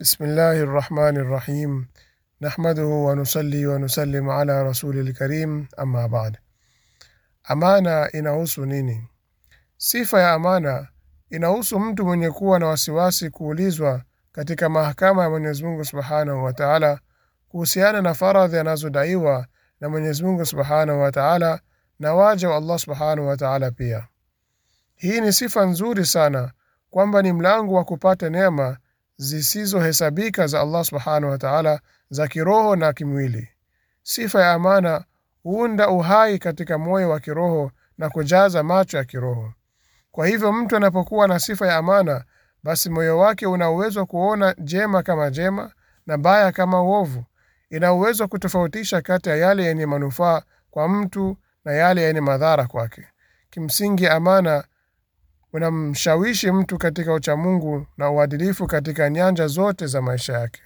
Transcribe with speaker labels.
Speaker 1: Bismillahi rrahmani rahim nahmaduhu wanusali wanusalim ala rasuli lkarim amma baad. Amana inahusu nini? Sifa ya amana inahusu mtu mwenye kuwa na wasiwasi kuulizwa katika mahakama ya Mwenyezi Mungu subhanahu wa taala kuhusiana na faradhi anazodaiwa na Mwenyezi Mungu subhanahu wa taala na waja wa Allah subhanahu wa taala pia. Hii ni sifa nzuri sana kwamba ni mlango wa kupata neema zisizohesabika za Allah subhanahu wa ta'ala za kiroho na kimwili. Sifa ya amana huunda uhai katika moyo wa kiroho na kujaza macho ya kiroho. Kwa hivyo mtu anapokuwa na sifa ya amana, basi moyo wake una uwezo kuona jema kama jema na baya kama uovu. Ina uwezo kutofautisha kati ya yale yenye manufaa kwa mtu na yale yenye madhara kwake. Kimsingi, amana unamshawishi mtu katika uchamungu na uadilifu katika nyanja zote za maisha yake.